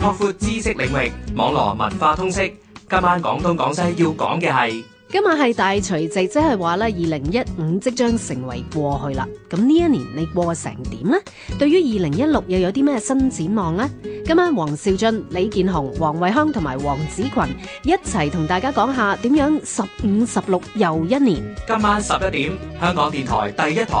擴闊知識領域，網絡文化通識。今晚講東講西，要講嘅係，今晚係大除夕，即係話咧，二零一五即將成為過去啦。咁呢一年你過成點呢？對於二零一六又有啲咩新展望呢？今晚王兆俊、李健雄、和黃惠康同埋黃子群一齊同大家講下點樣十五十六又一年。今晚十一點，香港電台第一台。